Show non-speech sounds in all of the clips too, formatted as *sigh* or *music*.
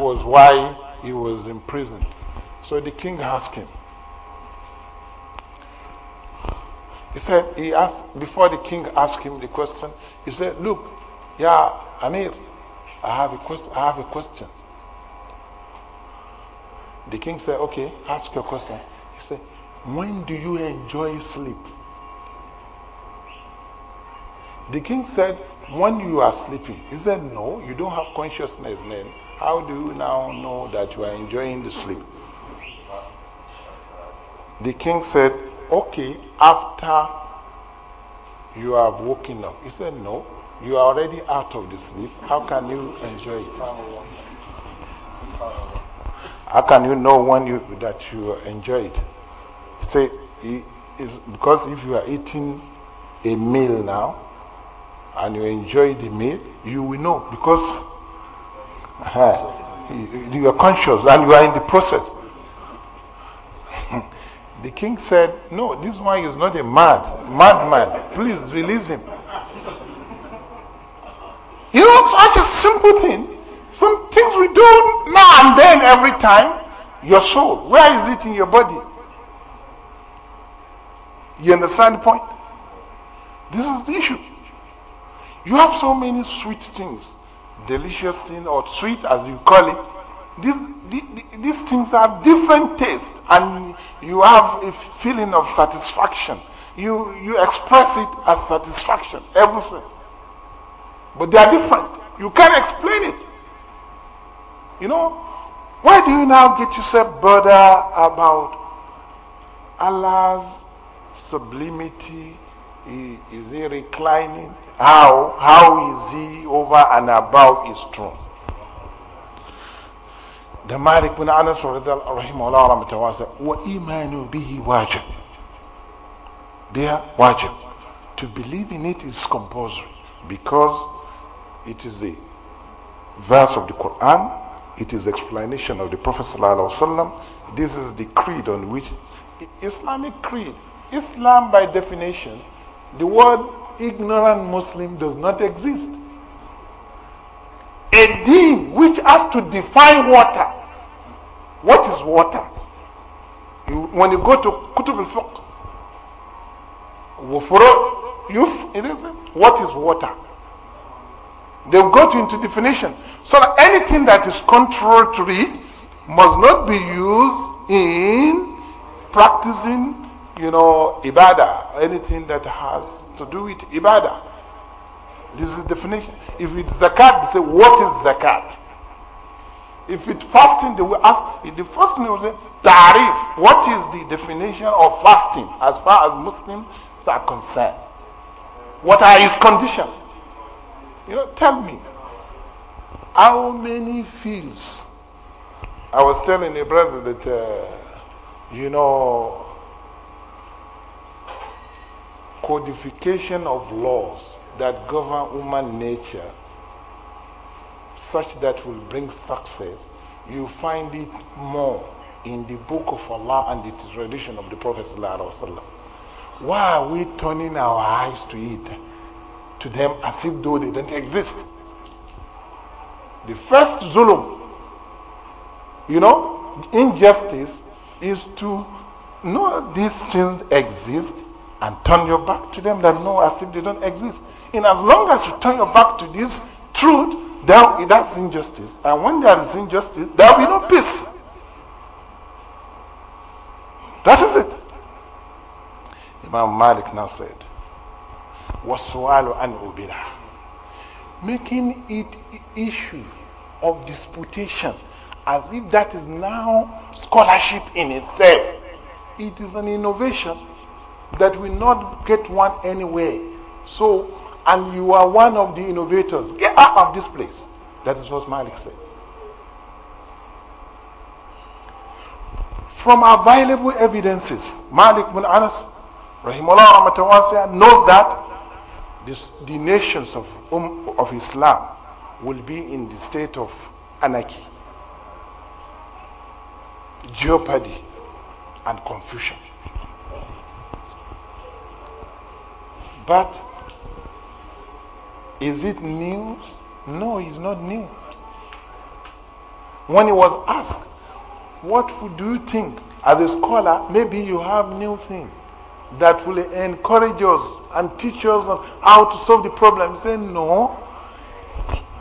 was why he was imprisoned. So the king asked him. He said, he asked, before the king asked him the question, he said, look, yeah, Amir, I have a question. I have a question. The king said, okay, ask your question. He said, when do you enjoy sleep? The king said, when you are sleeping. He said, no, you don't have consciousness then. How do you now know that you are enjoying the sleep? The king said, Okay, after you have woken up. He said, No, you are already out of the sleep. How can you enjoy it? How can you know when you that you enjoy it? Say, because if you are eating a meal now and you enjoy the meal, you will know because uh, you are conscious and you are in the process. *laughs* the king said, No, this one is not a mad, madman. Please release him. You know, such a simple thing. Some things we do now and then every time. Your soul, where is it in your body? You understand the point? This is the issue. You have so many sweet things delicious thing or sweet as you call it, these, these things have different taste and you have a feeling of satisfaction. You, you express it as satisfaction, everything. But they are different. You can't explain it. You know, why do you now get yourself bothered about Allah's sublimity? Is he reclining? How, how is he over and above his throne? The Malik bin Anas rahimahullah said, Wa imanu bihi wajib. They are wajib. To believe in it is compulsory because it is a verse of the Quran, it is explanation of the Prophet sallallahu This is the creed on which Islamic creed. Islam by definition, the word ignorant Muslim does not exist. A deen which has to define water. What is water? You, when you go to Kutub al-Fiqh, what is water? they have go into definition. So that anything that is contrary to it must not be used in practicing, you know, ibadah, anything that has to do with ibadah. This is the definition. If it's zakat, they say, what is zakat? If it's fasting, they will ask, the first thing they will say, tarif. What is the definition of fasting as far as Muslims are concerned? What are its conditions? You know, tell me, how many fields? I was telling a brother that, uh, you know, codification of laws that govern human nature such that will bring success, you find it more in the book of Allah and the tradition of the Prophet. Why are we turning our eyes to it, to them as if though they don't exist? The first zulum, you know, injustice is to know these things exist and turn your back to them that know as if they don't exist. In as long as you turn your back to this truth, there, that's injustice. And when there is injustice, there will be no peace. That is it. Imam Malik now said, "Waswalo an Making it issue of disputation as if that is now scholarship in itself. It is an innovation that will not get one anywhere. So, and you are one of the innovators. Get out of this place. That is what Malik said. From available evidences, Malik bin Anas, Rahimullah Ramatawasya, knows that this, the nations of, um, of Islam will be in the state of anarchy, jeopardy, and confusion. But is it news? No, it's not new. When he was asked, What would you think? As a scholar, maybe you have new thing that will encourage us and teach us how to solve the problem. Say, no.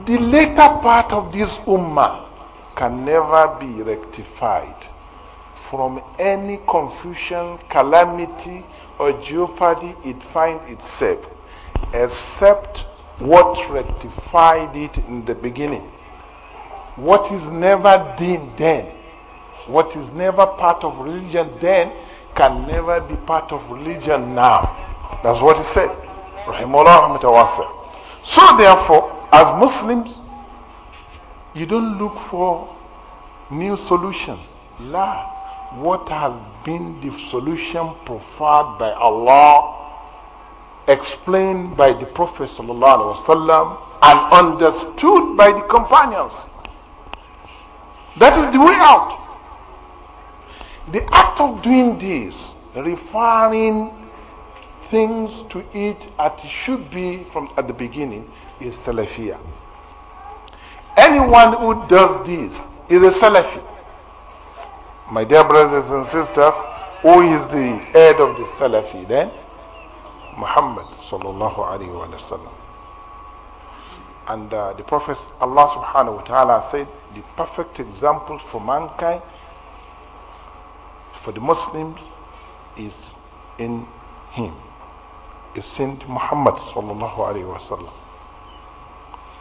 The later part of this ummah can never be rectified from any confusion, calamity, or jeopardy it finds itself, except what rectified it in the beginning. What is never done then, what is never part of religion then, can never be part of religion now. That's what he said. So therefore, as Muslims, you don't look for new solutions. La what has been the solution preferred by Allah, explained by the Prophet وسلم, and understood by the companions. That is the way out. The act of doing this, referring things to it as it should be from at the beginning, is Salafiyah. Anyone who does this is a Salafi. My dear brothers and sisters, who is the head of the Salafi then? Muhammad sallallahu alayhi wa sallam. And uh, the Prophet Allah subhanahu wa ta'ala said the perfect example for mankind, for the Muslims, is in him. Is Saint Muhammad sallallahu alayhi wa sallam.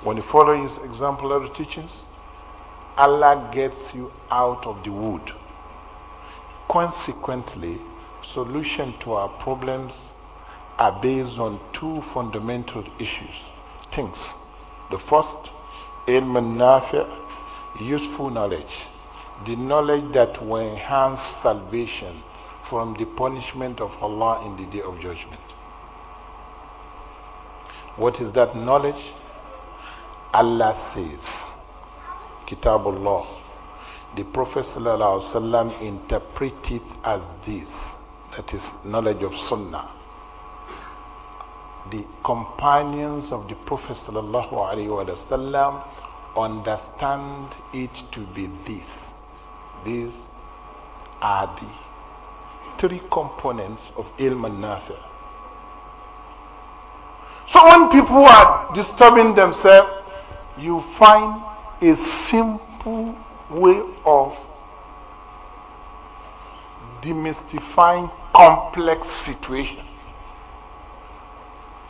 When you follow his exemplary teachings, Allah gets you out of the wood. Consequently, solution to our problems are based on two fundamental issues, things. The first, ilm nafi, useful knowledge, the knowledge that will enhance salvation from the punishment of Allah in the day of judgment. What is that knowledge? Allah says, Allah the Prophet ﷺ interpreted as this that is, knowledge of Sunnah. The companions of the Prophet ﷺ understand it to be this. These are the three components of ilm and nafi. So when people are disturbing themselves, you find a simple way of demystifying complex situation.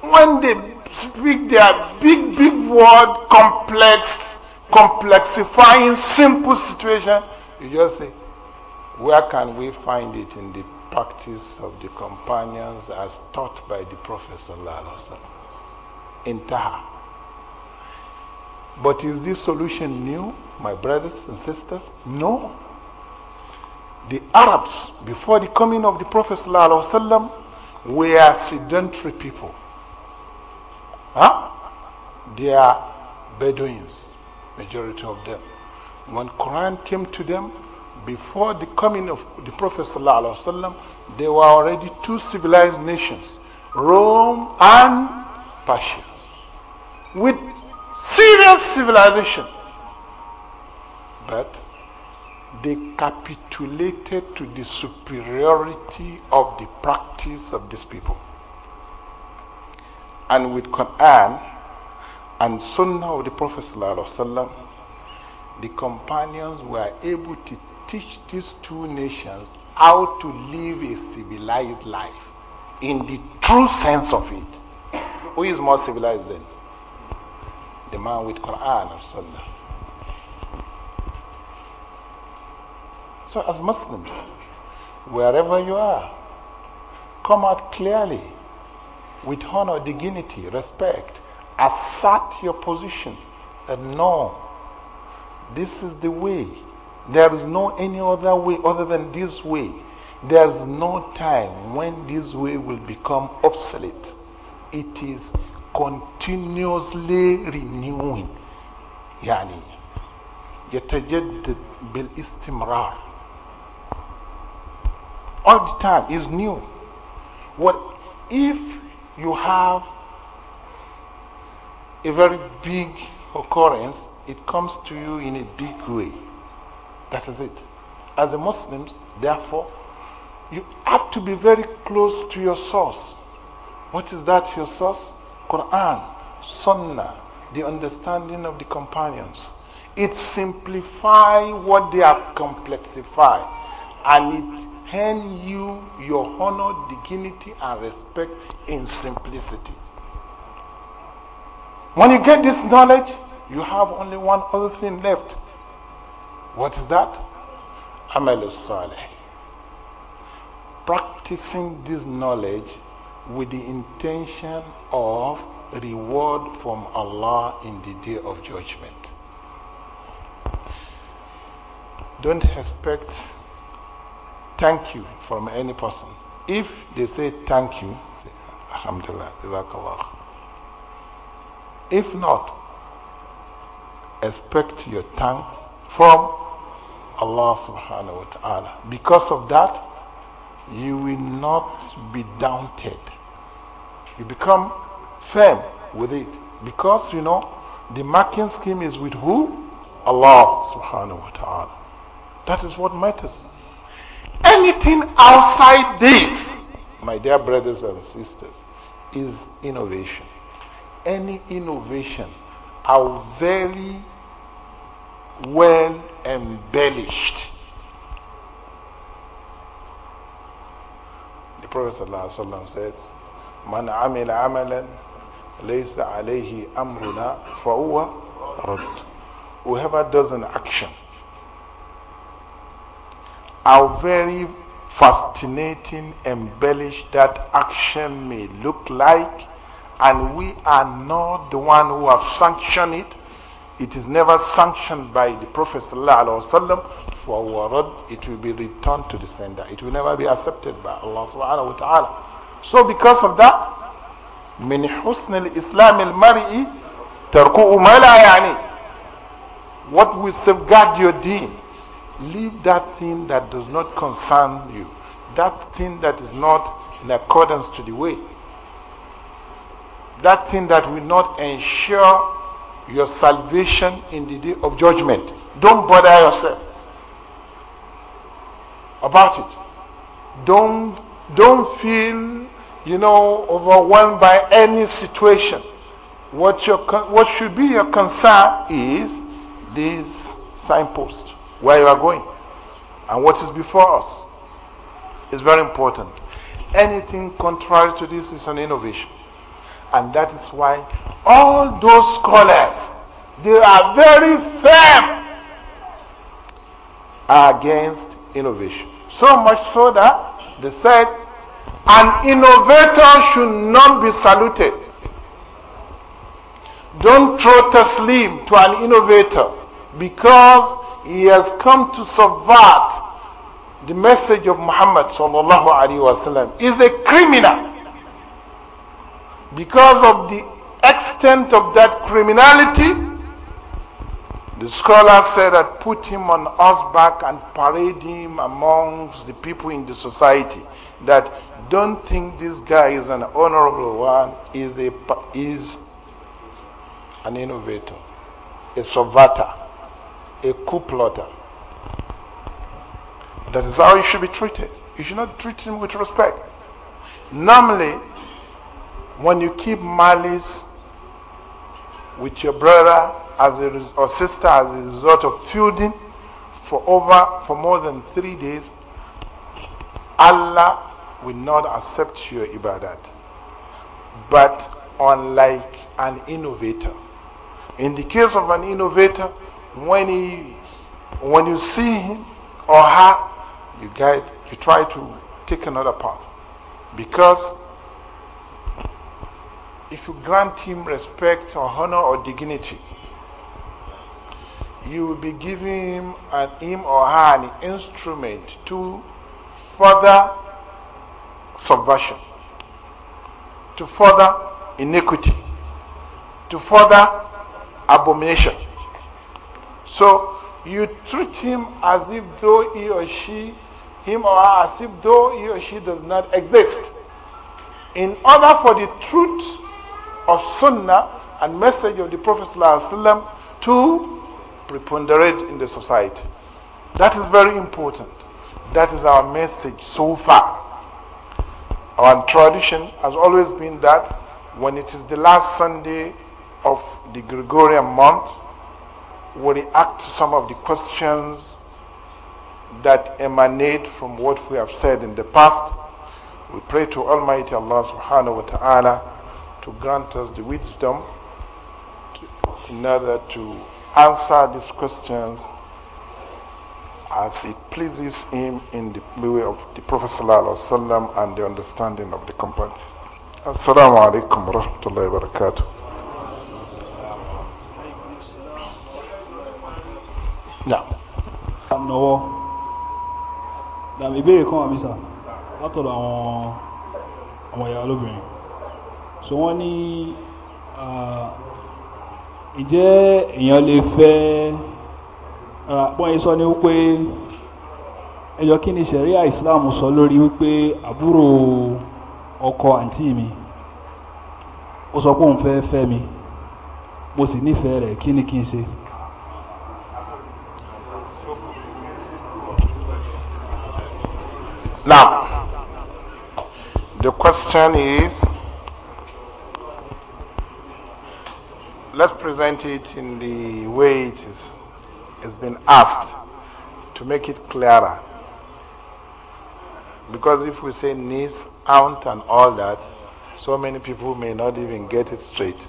When they speak their big, big word, complex, complexifying simple situation, you just say, where can we find it in the practice of the companions as taught by the Prophet Sallallahu Alaihi Wasallam? Taha?" But is this solution new, my brothers and sisters? No. The Arabs, before the coming of the Prophet ﷺ, were sedentary people. Huh? They are Bedouins, majority of them. When Quran came to them, before the coming of the Prophet ﷺ, there were already two civilized nations, Rome and Persia, with serious civilization. But they capitulated to the superiority of the practice of these people. And with Quran and Sunnah of the Prophet ﷺ, the companions were able to teach these two nations how to live a civilized life in the true sense of it. Who is more civilized then? the man with Quran and Sunnah. So as Muslims, wherever you are, come out clearly with honor, dignity, respect. Assert your position And no, this is the way. There is no any other way other than this way. There is no time when this way will become obsolete. It is continuously renewing يعني يتجدد بالاستمرار all the time is new what if you have a very big occurrence it comes to you in a big way that is it as a muslims therefore you have to be very close to your source what is that your source Quran, Sunnah, the understanding of the companions. It simplify what they have complexified and it hand you your honor, dignity, and respect in simplicity. When you get this knowledge, you have only one other thing left. What is that? Amalus Saleh. Practicing this knowledge with the intention of reward from Allah in the day of judgment. Don't expect thank you from any person. If they say thank you, say, Alhamdulillah, If not, expect your thanks from Allah subhanahu wa ta'ala. Because of that, you will not be daunted. You become firm with it. Because, you know, the marking scheme is with who? Allah subhanahu wa ta'ala. That is what matters. Anything outside this, my dear brothers and sisters, is innovation. Any innovation are very well embellished. The Prophet Taala said, من عمل عملا ليس عليه أمرنا فهو رد whoever does an action how very fascinating embellished that action may look like and we are not the one who have sanctioned it it is never sanctioned by the prophet sallallahu for warad it will be returned to the sender it will never be accepted by allah subhanahu wa ta'ala so because of that, من حسن الإسلام المرئي تركه أملا يعني What will safeguard your deen? Leave that thing that does not concern you. That thing that is not in accordance to the way. That thing that will not ensure your salvation in the day of judgment. Don't bother yourself about it. Don't, don't feel you know, overwhelmed by any situation. What, your, what should be your concern is this signpost, where you are going, and what is before us. It's very important. Anything contrary to this is an innovation. And that is why all those scholars, they are very firm against innovation. So much so that they said an innovator should not be saluted. Don't throw taslim to an innovator because he has come to subvert the message of Muhammad sallallahu alaihi wasallam. Is a criminal because of the extent of that criminality. The scholar said that put him on horseback and parade him amongst the people in the society. That don't think this guy is an honorable one, is a is an innovator, a subverter, a coup plotter. That is how you should be treated. You should not treat him with respect. Normally, when you keep malice with your brother as a, or sister as a result of feuding for over for more than three days, Allah will not accept your ibadat. But unlike an innovator, in the case of an innovator, when he, when you see him or her, you guide, you try to take another path, because if you grant him respect or honor or dignity, you will be giving him, an, him or her an instrument to further subversion, to further iniquity, to further abomination. So you treat him as if though he or she, him or her, as if though he or she does not exist. In order for the truth of Sunnah and message of the Prophet ﷺ to preponderate in the society. That is very important. That is our message so far. Our tradition has always been that when it is the last Sunday of the Gregorian month, we react to some of the questions that emanate from what we have said in the past. We pray to Almighty Allah subhanahu wa ta'ala to grant us the wisdom to, in order to answer these questions as it pleases him in the way of the Prophet wasallam and the understanding of the company. Assalamu alaikum wa rahmatullahi wa barakatuh. Nàwọ́ dàmí ìbéèrè kan àbí sà látọ̀dọ̀ àwọn ọmọ ìyá olóbìnrin. So wọ́n ní ìjẹ́ ah, èèyàn lè àpọ́n yìí sọ ni wípé ẹjọ́ kí ni sẹ̀ríà Islam sọ lórí wípé àbúrò ọkọ àǹtí mi ó sọ pé òun fẹ́ fẹ́ mi mo sì nífẹ̀ẹ́ rẹ̀ kí ni kí n ṣe. Now, the question is let's present it in the way it is. has been asked to make it clearer. Because if we say niece, aunt, and all that, so many people may not even get it straight.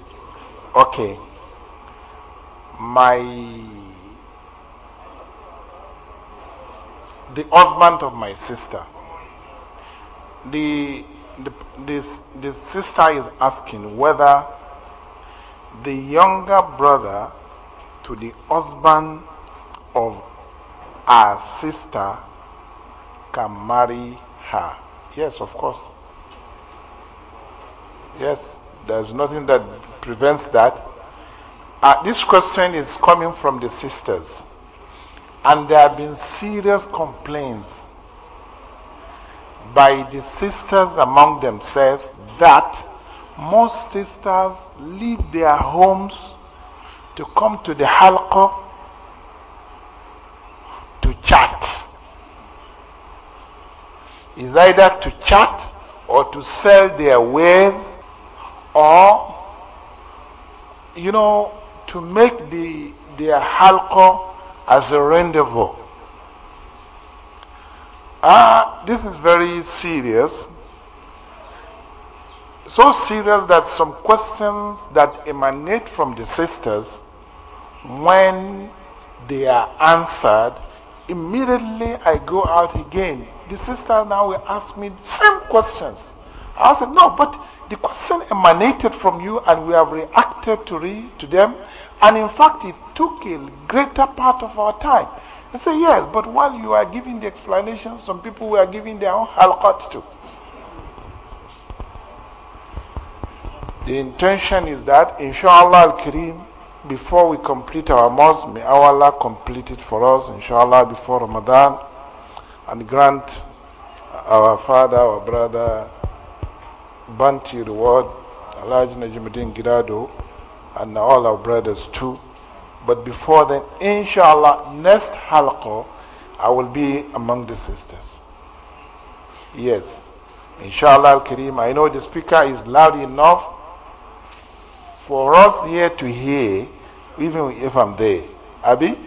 Okay, my the husband of my sister. The, the this the sister is asking whether the younger brother to the husband of her sister can marry her. Yes, of course. Yes, there's nothing that prevents that. Uh, this question is coming from the sisters, and there have been serious complaints by the sisters among themselves that most sisters leave their homes to come to the halqa chat. Is either to chat or to sell their wares or, you know, to make the, their halco as a rendezvous. Ah, this is very serious. So serious that some questions that emanate from the sisters, when they are answered, Immediately I go out again. The sister now will ask me same questions. I said, no, but the question emanated from you and we have reacted to, re, to them. And in fact, it took a greater part of our time. I say, yes, but while you are giving the explanation, some people were giving their own halqat too. The intention is that, inshallah al-kareem, before we complete our mosque, may Allah complete it for us, inshallah, before Ramadan, and grant our father, our brother, Banti reward, Alhaji Najimuddin Girado, and all our brothers too. But before then, inshallah, next halqa, I will be among the sisters. Yes. Inshallah al-Kareem, I know the speaker is loud enough for us here to hear, even if I'm there. Abi?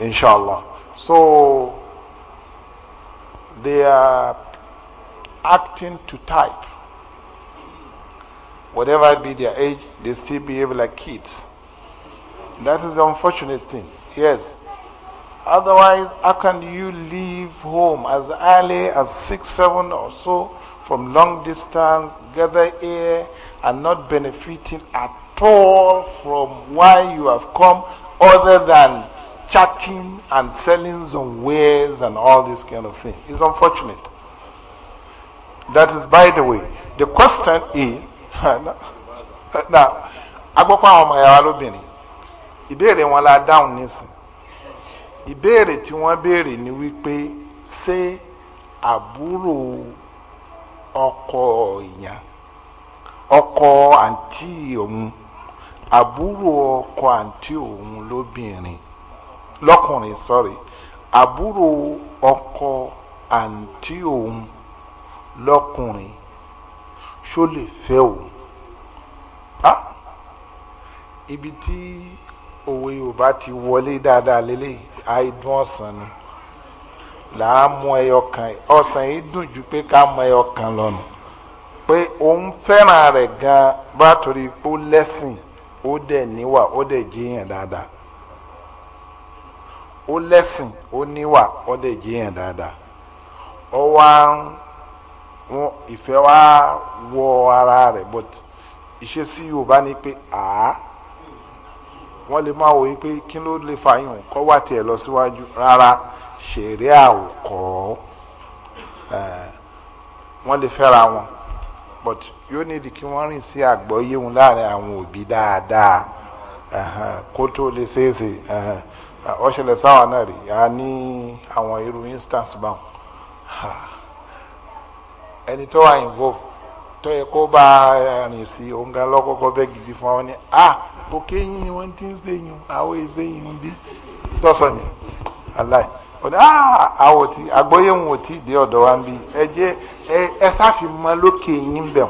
Inshallah. So, they are acting to type. Whatever be their age, they still behave like kids. That is the unfortunate thing. Yes. Otherwise, how can you leave home as early as 6, 7 or so from long distance, gather air, are not benefiting at all from why you have come other than chatting and selling some wares and all this kind of thing. It's unfortunate. That is, by the way, the question is *laughs* now, *laughs* agbọ́pọ̀ àwọn ọmọ bini lóbìnrin ìbéèrè wọn la down nísìn ìbéèrè tí wọ́n béèrè ni wípé ṣé àbúrò ọkọ èèyàn ọkọ àǹtí òun àbúrò ọkọ àǹtí òun lóbìnrin lọ́kùnrin sọrí àbúrò ọkọ àǹtí òun lọ́kùnrin ṣó lè fẹ́ òun ibi tí òwe yorùbá ti wọlé dáadáa lélẹ̀ àìdùn ọ̀sán ni là á mú ẹyọ kan ọ̀sán yìí dùn ju pé ká mú ẹyọ kan pé òun fẹ́ràn rẹ̀ gan bá torí pé ó lẹ́sìn ó dẹ̀ níwà ó dẹ̀ jíyàn dáadáa ó lẹ́sìn ó níwà ó dẹ̀ jíyàn dáadáa ó wá ń ìfẹ́ wá wọ ara rẹ̀ but ìṣesí Yorùbá ni pé àá wọ́n lè máa wò yí pé kí ló lè fa yín kọ́ wá tiẹ̀ lọ síwájú rárá ṣeré àwòkọ́ wọ́n lè fẹ́ra wọn but yóò nídìí kí wọ́n rìn sí àgbọ́yé wọn láàrin àwọn òbí dáadáa kó tó lè ṣeéṣe ó ṣẹlẹ̀ sáwọn náà rí a ní àwọn irú instance báwọn ẹni tó wà involve tó yẹ kó bá eh, rìn sí òǹga lọ́kọ́kọ́ bẹ́ẹ̀ gidi fún àwọn ni ah òkè yín ni wọ́n ti ń ṣèyún àwọn èsè yín bí tọ́sọ̀ ni aláì ọ̀dà àwọ̀ tí àgbọ́yé wọn ò tí ì dé ọ̀dọ̀ wa ń bí ẹ jẹ́ ẹ sáfi mọ lókè yín bẹ̀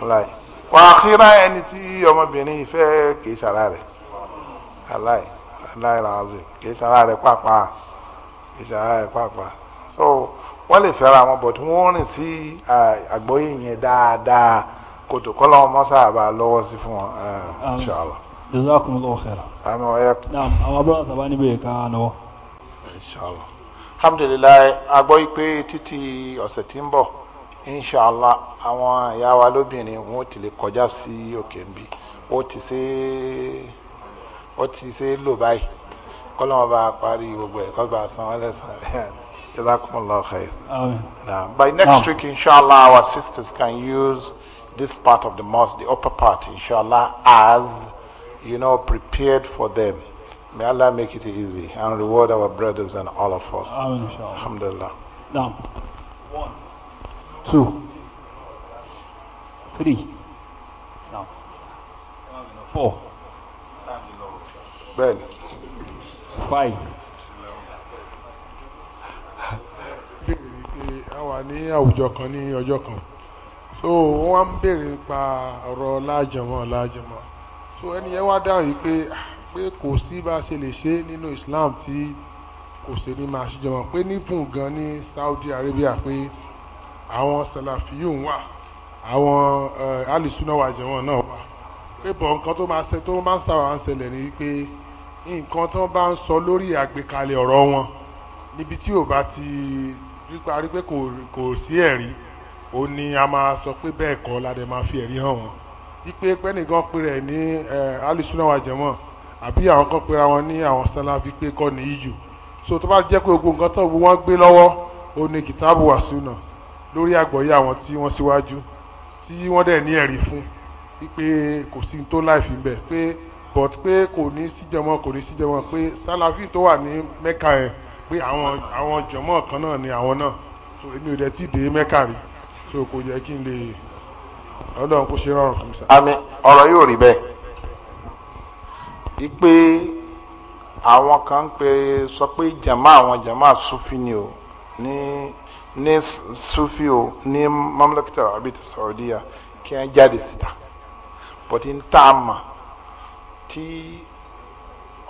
wọ́n wà á kíra ẹni tí ọmọbìnrin yìí fẹ́ kì í sara rẹ̀ aláì aláì ràázì kì í sara rẹ̀ pàápàá kì í sara rẹ̀ pàápàá so wọ́n lè fẹ́ra wọn bọ̀ tí wọ́n rìn sí àgbọ́yé yẹn dáadáa kòtò kọ́lá wọn mọ́ sábà lọ́wọ́ sí fún wọn inshallah. jazakumullahu khairan. àmì ọ̀yẹ́kù. àwọn abúlé sábà níbi ìka náà. inshallah alhamdulillah agbọ́ pé títí ọ̀sẹ̀ tí ń bọ̀ inshallah àwọn ìyá wa lóbìnrin wọn ò ti lè kọjá sí òkè ń bí ó ti ṣe ó ti ṣe lò báyìí kọ́lọ́mọba parí gbogbo ẹ̀ kọ́gbà san wọ́n *laughs* by next no. week, inshallah, our sisters can use this part of the mosque, the upper part, inshallah, as you know, prepared for them. May Allah make it easy and reward our brothers and all of us. Amen, inshallah. Alhamdulillah. Now, one, two, three, now, four, ben. five. a ní àwùjọ kan ní ọjọ́ kan so wọ́n wá ń béèrè nípa ọ̀rọ̀ láàjọmọ́ láàjọmọ́ so ẹni yẹn wá dáhùn yìí pé ah, pé kò sí bá a ṣe lè ṣe nínú Islam tí kò sí ní máa ṣíjọ mọ̀ pé nípùn gan ní Saudi Arabia pé àwọn salafiyun wà àwọn alisuna wà jẹ̀wọ̀n náà wà pé bọ̀ nǹkan tó máa ṣe tó máa ń sàwọn àǹṣẹlẹ̀ ni pé nǹkan tó bá ń sọ lórí àgbékalẹ̀ ọ̀rọ̀ wọn níbi tí ò bá ti rí parí pé kò sí ẹ̀rí ó ní a máa sọ pé bẹ́ẹ̀ kọ́ la dẹ̀ máa fi ẹ̀rí hàn wọ́n wípé pẹ́nìkan pé rẹ̀ ní alisuna wà jẹ̀wọ̀n àbí àwọn kan pera wọn ní àwọn sálàfí pé kọ́ ní ìjù so tó bá jẹ́ pé gbogbo nǹkan tó wọ́n gbé lọ́wọ́ ó ní kìtàbù wà súnà lórí àgbọ̀yé àwọn tí wọ́n síwájú tí wọ́n dẹ̀ ní ẹ̀rí fún pé kò sí tó láìfi bẹ̀ pé but pé kò ní síjọmọ kò ní síjọmọ pé sálàfí tó wà ní mẹ́ka yẹn pé àwọn àwọn jọmọ kan náà ni àwọn náà so èmi ò dẹ̀ tí ì dé mẹ́ka rí so kò yẹ kí n lè ọlọ́run kó ṣe rọrùn fún mi sá. àmín ọ̀rọ̀ yóò rí bẹ́ẹ̀ ipe àwọn kan pe sọ pé jama àwọn jama sufi ni o ní ní sufi o ní mamlakita arabi ti Saudiya kí wọ́n jáde síta bọ́tí ń tá a mà tí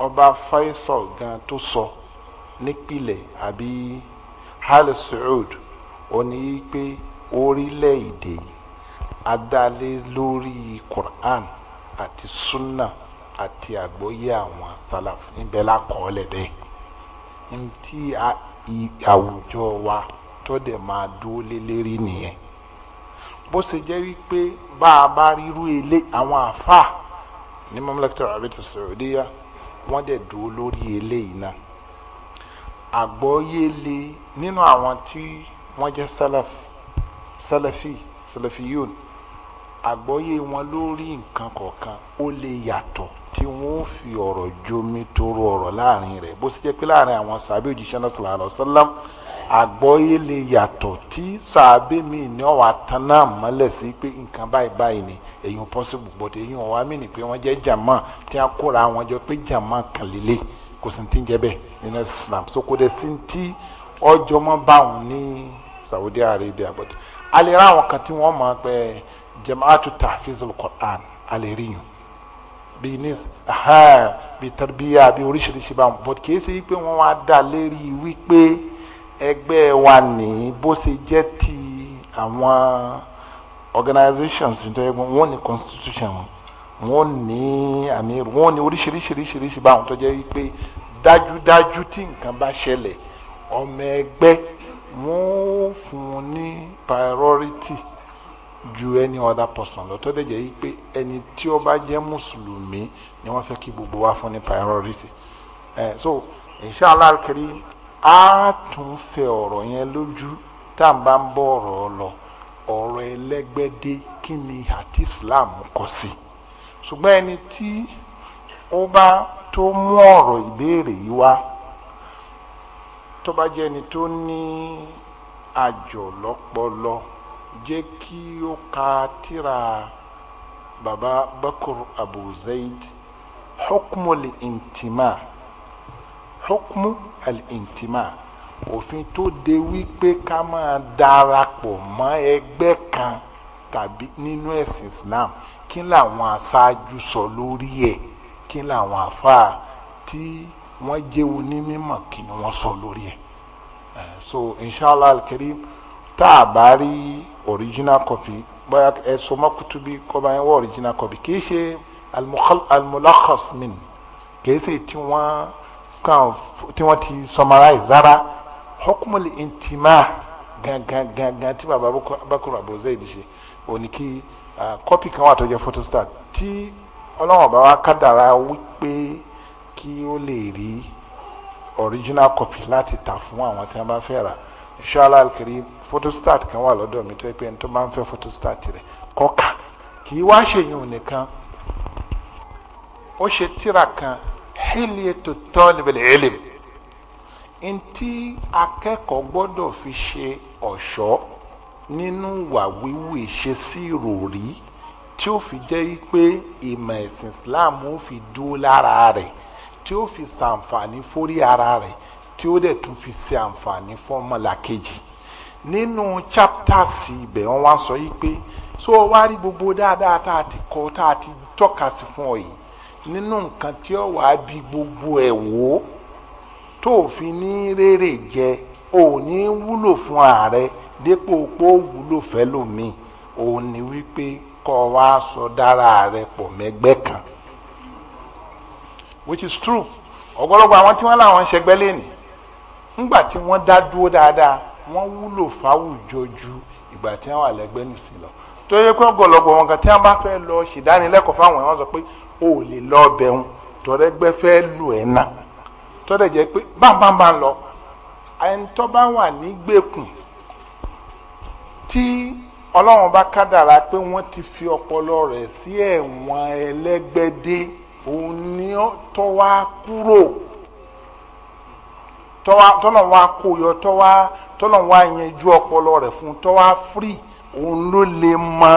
ọba Faisal gan tó sọ nípìlẹ̀ àbí hali Saud ó pé orílẹ̀-èdè yìí lórí Quran àti Sunnah àti àgbọ́yé àwọn sálàf níbẹ̀ lákọọ́lẹ̀ bẹ́ẹ̀ ntí àwùjọ wa tó dẹ̀ máa dúró lé lérí nìyẹn bó ṣe jẹ́ wípé bá a bá rírú ilé àwọn àáfàá ní mamlakta arabitu saudiya wọ́n dẹ̀ dúró lórí eléyìí náà àgbọ́yé le nínú àwọn tí wọ́n jẹ́ sálàf sálàfì sálàfìyún àgbọ́yé wọn lórí nǹkan kọ̀ọ̀kan ó lè yàtọ̀ tí wọ́n fi ọ̀rọ̀ jomi toro ọ̀rọ̀ láàrin rẹ̀ bó ṣe jẹ́ pé láàrin àwọn sàbí òjíṣẹ́ náà sallallahu alaihi wasallam àgbọ́yé lè yàtọ̀ tí sàbí mi ní ọ̀wà tán náà mọ́lẹ̀ sí pé nǹkan báyìí báyìí ni èyàn possible but èyàn wà mí ni pé wọ́n jẹ́ jàmá tí a kóra wọn jọ pé jàmá kan lélẹ̀ kò sì ti ń jẹ́ bẹ́ẹ̀ nínú Islam so kò sí ti ọjọ́ mọ́ báwọn ní Saudi Arabia but alẹ́ ra àwọn kan tí wọ́n mọ̀ pé jamaatu tahfizul Quran alẹ́ ríyàn bíi ní bi tẹ̀rbíyà bi oríṣiríṣi báwọn but kì í ṣe pé wọ́n wá dá lérí wípé ẹgbẹ́ wa ní bó ṣe jẹ́ ti àwọn organizations tó yẹ wọ́n ní constitution wọ́n ní àmì wọ́n ní oríṣiríṣiríṣiríṣi báwọn tó jẹ́ wípé dájúdájú tí nǹkan bá ṣẹlẹ̀ ọmọ ẹgbẹ́ wọ́n fún un ní priority ju any other person lọ tó dẹ̀ jẹ́ yìí pé ẹni tí ó bá jẹ́ mùsùlùmí ni wọ́n fẹ́ kí gbogbo wa fún ní priority ẹ̀ so inshallah al-karim á tún fẹ ọ̀rọ̀ yẹn lójú tá à ń bá ń bọ̀ ọ̀rọ̀ lọ ọ̀rọ̀ ẹlẹ́gbẹ́dé kí ni àti Islam kọ sí ṣùgbọ́n ẹni tí ó bá tó mú ọ̀rọ̀ ìbéèrè yìí wá tó bá jẹ́ ẹni tó ní àjò lọ́pọlọ jẹ́ kí ó ka tírà baba bakur abu zaid hukumu al-intima hukumu al-intima òfin tó de wípé ká máa darapọ̀ mọ́ ẹgbẹ́ kan tàbí nínú ẹ̀sìn islam kí làwọn aṣáájú sọ lórí ẹ̀ kí làwọn àfáà tí wọ́n jẹ́ onímọ̀ kí ni wọ́n sọ lórí ẹ̀ so inshallah al-karim tá a bá rí original copy bóyá ẹ so mọ́ kutubi kọ́ bá yẹn wọ original copy kì í ṣe almulakhas min kì í ṣe tí wọ́n kàn tí wọ́n ti summarize rárá hukumuli intima gangan tí baba bakuru abozeyidi ṣe òní kí kọ́pì kan wà tó jẹ́ photostat tí ọlọ́wọ́n bá wa kádàrá wípé kí ó lè rí original copy láti tà fún àwọn tí wọ́n bá fẹ́ rà inshallah al photostat kan wà lọ́dọ̀ mi tó yẹ pé ẹni tó máa ń fẹ́ photostat rẹ̀ kọ́ka kì í wá ṣèyún nìkan ó ṣe tíra kan hilyatu talibil ilm ntí akẹ́kọ̀ọ́ gbọ́dọ̀ fi ṣe ọ̀ṣọ́ nínú wà wíwù ṣe sí ròrí tí ó fi jẹ́ pé ìmọ̀ ẹ̀sìn Islam ó fi dúró lára rẹ̀ tí ó fi ṣàǹfààní fórí ara rẹ̀ tí ó dẹ̀ tún fi ṣe àǹfààní fọ́mọlàkejì nínú chapters ibẹ̀ wọ́n wá sọ yìí pé so wá rí gbogbo dáadáa tá a ti kọ tá a ti tọ́ka sí fún ọ yìí nínú nǹkan tí ó wàá bí gbogbo ẹ̀ wò ó tó fi ní rere jẹ ò ní wúlò fún ààrẹ dépò pé ó wúlò fẹ́lòmíì òun ni wípé kọ́ wa sọ dára rẹ pọ̀ mẹ́gbẹ́ kan which is true ọ̀pọ̀lọpọ̀ àwọn tí wọ́n láwọn ṣẹgbẹ́ lẹ́nìí ńgbà tí wọ́n dá dúró dáadáa wọ́n wúlò fáwùjọ ju ìgbà tí wọ́n wà lẹ́gbẹ́ nìsín lọ tó yẹ pé ọ̀gọ̀lọ̀gọ̀ wọn kan tí wọ́n bá fẹ́ lọ ṣèdánilẹ́kọ̀ọ́ fáwọn èèyàn sọ pé o ò lè lọ ọbẹ̀ wọn tọ́rẹ́gbẹ́ fẹ́ lù ẹ̀ náà tọ́dẹ̀ jẹ́ pé bámbámbá lọ ẹni tó bá wà nígbèkùn tí ọlọ́run bá kádàrá pé wọ́n ti fi ọpọlọ rẹ̀ sí ẹ̀wọ̀n ẹlẹ́gbẹ́dé òun ni tó wá kúrò tọ́lọ̀ wá kó yọ tó wá tọ́lọ̀ wá yanjú ọpọlọ rẹ̀ fún tó wá free òun ló lè mọ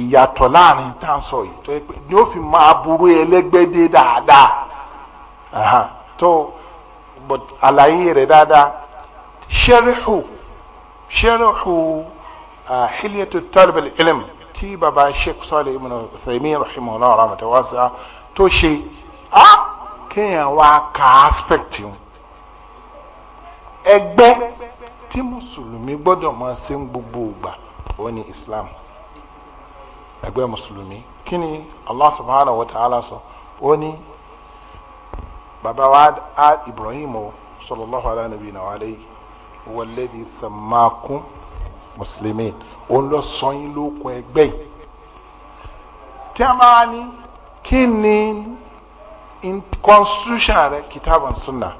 ìyàtọ̀ láàrin tá à ń sọ yìí tó yẹ pé ni ó fi máa burú ẹlẹ́gbẹ́dé dáadáa tó but àlàyé rẹ̀ dáadáa ṣẹ́rìhù ṣẹ́rìhù hilyatu talibal ilm tí baba sheikh Salih ibn Uthaymin rahimahullah rahmatan wasi'a tó ṣe kéèyàn wá ka aspect wọn ẹgbẹ́ tí mùsùlùmí gbọ́dọ̀ máa ṣe ń gbogbo ìgbà ó ní islam ẹgbẹ́ mùsùlùmí kí ni allah subhanahu wa ta'ala sọ ó baba wa ibrahim o sallallahu ala nabiyina wa alayhi walladhi sammakum muslimin òun lọ sọ yín lóko ẹgbẹ́ yìí tí a máa ní kí ni constitution rẹ kitab and sunnah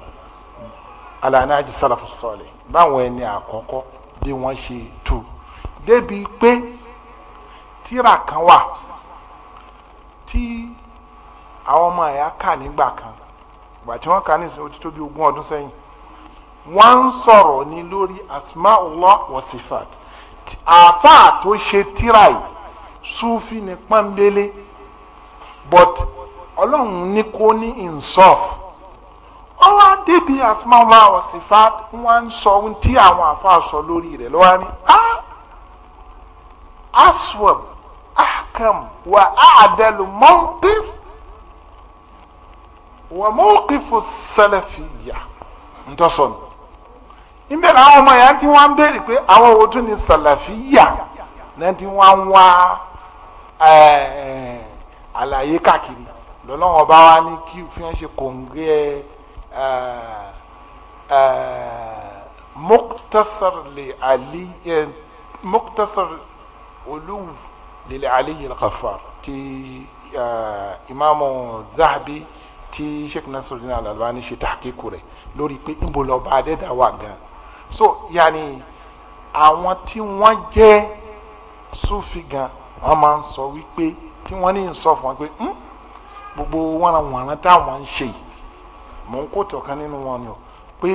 alanaji salafus salih báwọn ẹni àkọ́kọ́ bí wọ́n ṣe tu débi pé tírà kan wà tí àwọn ọmọ ẹ̀yà kà nígbà kan ìgbà tí wọ́n kà ní ìsìn òtítọ́ bí ogún ọdún sẹ́yìn wọ́n ń sọ̀rọ̀ ní lórí asmaullah wa sifat àáfàá tó ṣe tírà yìí sufi ni pọ́nbélé but ọlọ́run ní kó ní insof ọwọ́ débi asọ́mọ́wá ọ̀sìnfà wọn ń sọ ohun tí àwọn àfa sọ lórí rẹ̀ lọ́wọ́ ni aswab akam wa adalu mawqif wa mawqifu salafiyya ntọ́sọ̀nù níbẹ̀ làwọn ọmọ yẹn ti wọ́n ń béèrè pé àwọn owó tún ní salafiyya náà ti wọ́n ń wá eh, àlàyé káàkiri lọ́lọ́wọ́n bá wá ní kí fi hàn ṣe kòǹgẹ́ ẹ̀ muktasar li ali muktasar olu lili ali yilkafar ti imaamu zahabi ti sheikh nasiruddin al-albani ṣe tahqiqu rẹ̀ lórí pé nbọlọba adẹ́dá wà gan so yanni àwọn tí wọ́n jẹ́ sufi gan wọ́n máa ń sọ wípé tí wọ́n ní sọ fún wọn pé hmm, gbogbo wọn àwọn táwọn ń ṣe yìí mò ń kó tọ̀kan nínú wọn ni o pé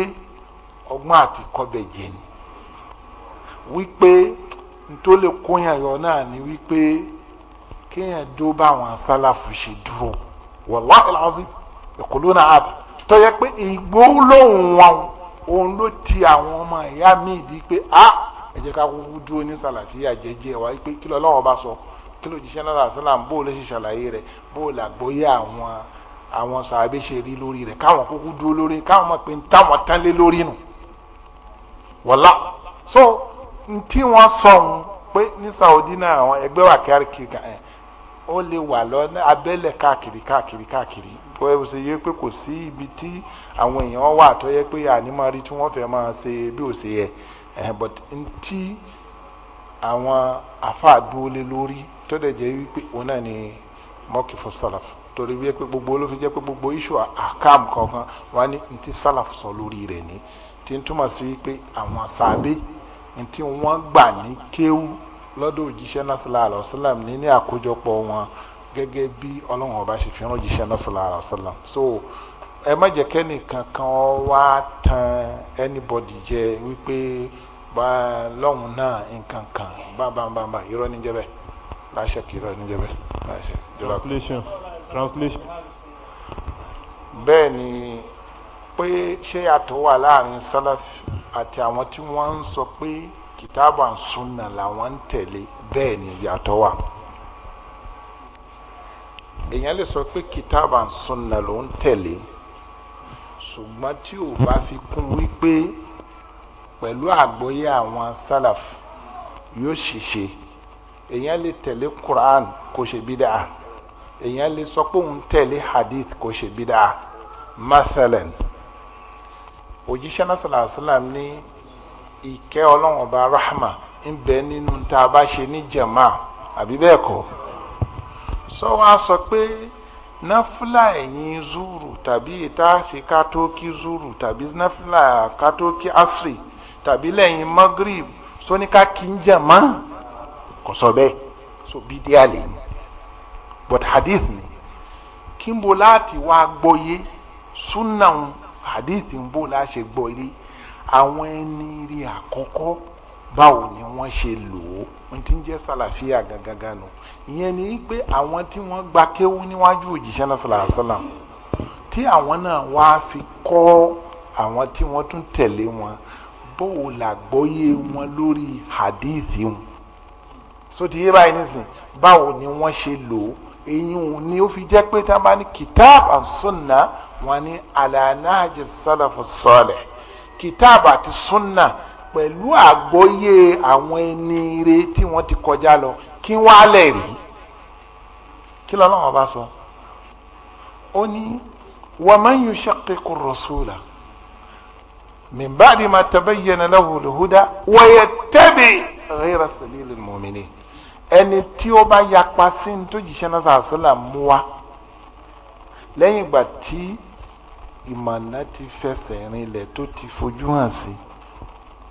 ọgbọ́n àti kọbẹ̀ jẹ ni wípé tó lè kóyàn yọ náà ni wípé kéèyàn dó báwọn asálàfù ṣe dúró wàláhì lásì ìkòló náà àbá tó yẹ pé ìgbó lòun wọn òun ló ti àwọn ọmọ ìyá di pé a ẹ ká kúkú dúró ní sàlàfíà pé kí lọ́wọ́ bá sọ kí ṣe ṣàlàyé àwọn sàbẹ̀ ṣe rí lórí rẹ̀ káwọn kúkú dúró lórí káwọn mọ̀ pé táwọn tán lé lórí nù wọ́lá so ntí wọ́n sọ ń pé ní Saudi náà àwọn ẹgbẹ́ wà káàkiri kan ẹ̀ ó lè wà lọ́nà abẹ́lẹ̀ káàkiri káàkiri káàkiri bóyá o ṣe yẹ pé kò sí ibi tí àwọn èèyàn wà tó yẹ pé ànímọ́ rí tí wọ́n fẹ́ máa ṣe bí ò ṣe yẹ ẹ̀ but ntí àwọn àfa àdúró lé lórí tó dẹ̀ jẹ́ wípé òun náà ni mọ́kì fún sálàfù torí wípé gbogbo ló fi jẹ́ pé gbogbo iṣu àkàm kankan wà ní ntí sálàf sọ lórí rẹ̀ ni tí ń túmọ̀ sí wípé àwọn sàbẹ̀ ntí wọ́n gbà ní kéwú lọ́dọ̀ òjíṣẹ́ náà sọlá àlọ́ sọlám ní ní àkójọpọ̀ wọn gẹ́gẹ́ bí ọlọ́run ọba ṣe fi òjíṣẹ́ náà sọlá àlọ́ sọlám so ẹ má jẹ́ kẹ́nìkan kan wá tan anybody jẹ wípé bá lọ́hùn náà nǹkan kan bá bá bá bá irọ́ níjẹ́ bẹ́ẹ̀ láṣẹ kí irọ́ níjẹ́ bẹ́ẹ̀ láṣẹ. translation translation. bẹ́ẹ̀ ni pé ṣé yàtọ̀ wà láàrin salaf àti àwọn tí wọ́n ń sọ pé kìtàbà sunna làwọn ń tẹ̀lé bẹ́ẹ̀ ni yàtọ̀ wà èèyàn lè sọ pé kìtàbà sunna ló ń tẹ̀lé ṣùgbọ́n tí ò bá fi kún wípé pẹ̀lú àgbọ́yé àwọn salaf yóò ṣiṣẹ́ èèyàn lè tẹ̀lé Quran kó ṣe bídà èèyàn lè sọ pé òun tẹ̀lé hadith kò ṣe bídà mathalan òjíṣẹ́ náà sọ̀rọ̀ àṣàlám ní ìkẹ́ ọlọ́run ọba rahma ń bẹ nínú tá a bá ṣe ní jàmá àbí bẹ́ẹ̀ kọ́ sọ wá sọ pé náfìlà ẹ̀yìn zuru tàbí ìtàfi kátókì zuru tàbí náfìlà kátókì asri tàbí lẹ́yìn magrib sóníkà kì í jàmá kò sọ bẹ́ẹ̀ so bídíà lè but hadith ni kí n bo láti wá gbọ́yé sunna hadith ń bo láti ṣe gbọ́yé àwọn ẹni rí àkọ́kọ́ báwo ni wọ́n ṣe lò ó wọ́n ti ń jẹ́ sàlàfíà gangan nù ìyẹn ni pé àwọn tí wọ́n gba kéwú níwájú òjíṣẹ́ náà sàlàsàlàm tí àwọn náà wá fi kọ́ àwọn tí wọ́n tún tẹ̀lé wọn báwo làgbọ́yé wọn lórí hadith wọn so ti yé báyìí nísìn báwo ni wọ́n ṣe lò ó èyí ni ó fi jẹ́ pé tá a bá ní kitab and sunna wọn ni alanaji salafu salih kitab àti sunna pẹ̀lú àgbọ́yé àwọn ẹni ire tí wọ́n ti kọjá lọ kí wọ́n á lẹ̀ rí kí lọ́lọ́wọ́n bá sọ ó ní wa man yushaqiqu rasula min ba'di ma tabayyana lahu al-huda wa yattabi' ghayra sabilil mu'minin ẹni tí ó bá yapa sí ní tó jíṣẹ́ náà sàásìlà mú wa lẹ́yìn ìgbà tí ìmọ̀nà ti fẹsẹ̀ rinlẹ̀ tó ti fojú hàn sí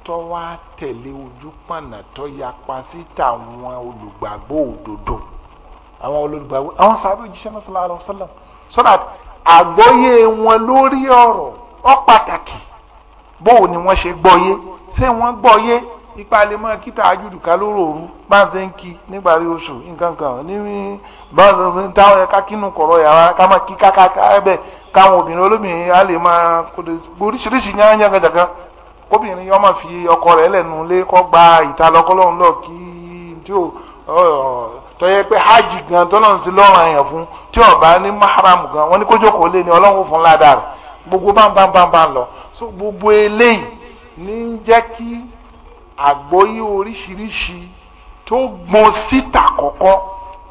tó wá tẹ̀lé ojú pànà tó yapa sí tàwọn olùgbàgbọ́ òdodo àwọn olùgbàgbọ́ àwọn sábẹ́ òjíṣẹ́ náà sàlá àlọ́ sàlá so that àgbọ́yé wọn lórí ọ̀rọ̀ ó pàtàkì bóò ni wọ́n ṣe gbọ́yé ṣé wọ́n gbọ́yé ìpalẹ̀mọ́ kíta ajúdù ká lóró òru bá ń ṣe ń kí nígbàrí oṣù nǹkan kan ní bá ń ṣe ń táwọn ẹ̀ka kínú kọ̀rọ̀ yàrá ká máa kí káká ẹ̀bẹ̀ káwọn obìnrin olómìnir á lè máa kóde oríṣiríṣi yányán gàjàgà kóbìnrin yọ máa fi ọkọ rẹ̀ lẹ́nu lé kọ́ gba ìta lọ́kọ́lọ́hún lọ kí tí ò tọ́yẹ pé hajj gan tọ́lọ́run sí lọ́rùn àyàn fún tí ọba ní mahram gan wọ́n ní kójókòó lé ní ọlọ́run fún ládàá rẹ̀ gbogbo bámbámbámbá lọ so gbogbo eléyìí ní jẹ́ kí àgbọ́yé oríṣiríṣi tó gbọn síta kọ́kọ́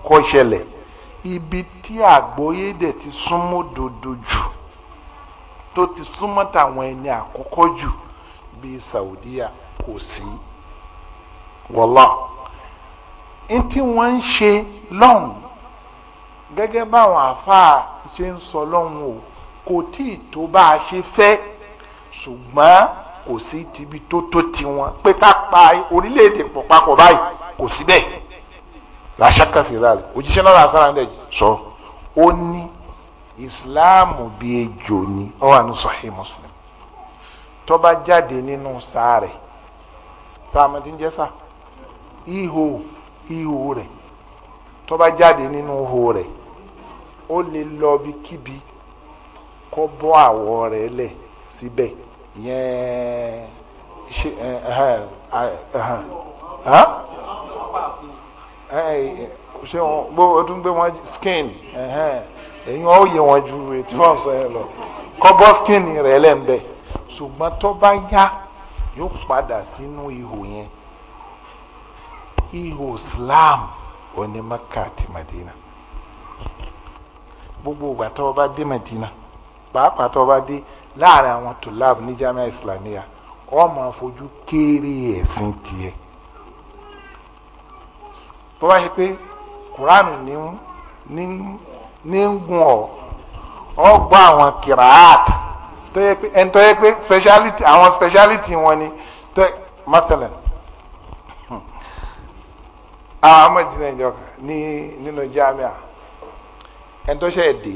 kó ṣẹlẹ̀ ibi tí àgbọ́yé dẹ̀ ti súnmọ́ dodo jù tó ti súnmọ́ tàwọn ẹni àkọ́kọ́ jù bíi Saudiya kò sí wọ́lá n tí wọ́n ń ṣe lọ́hùn gẹ́gẹ́ báwọn àáfàá ṣe ń sọ lọ́hùn o kò tí ì tó bá a ṣe fẹ́ ṣùgbọ́n kò sí tibi tó tó tiwọn pé ká pa orílẹ̀-èdè pọ̀ papọ̀ báyìí kò sí bẹ́ẹ̀ làṣàkà fìdálì òjíṣẹ́ náà làṣàrà ńlẹ̀ sọ ó ní ìsìláàmù bí ejò ni ó wà ní sọ̀hí Muslim tó bá jáde nínú sáà rẹ̀ sáà mọ̀ tí ń jẹ́ sáà ihò ihò rẹ̀ tó bá jáde nínú ihò rẹ̀ ó lè lọ bí kíbi kó bọ́ àwọ̀ rẹ̀ lẹ̀ síbẹ̀. Si ìyẹn ṣe ṣe ọdún gbé wọn skin èyí wọn ó yẹ wọn ju etí wọn sọ yẹn lọ kọ́bọ́ skin rẹ̀ lẹ́ńbẹ̀ ṣùgbọ́n tó bá yá yóò padà sínú ihò yẹn ihò Islam oní Maka àti Madina gbogbo ìgbà tó o bá dé Madina pàápàá tó bá dé láàrin àwọn tòláàbù ní jamia islamia ọ máa fojú kéré ẹ̀sìn tiẹ̀ bó bá ṣe pé kuranu ní ní ní ń gun ọ ọ gbọ́ àwọn kiraat tó yẹ pé ẹni tó yẹ pé speciality àwọn speciality wọn ni tó yẹ matalan àwọn ọmọ ìdílé ìjọba ní nínú jamia ẹni tó ṣe é dé.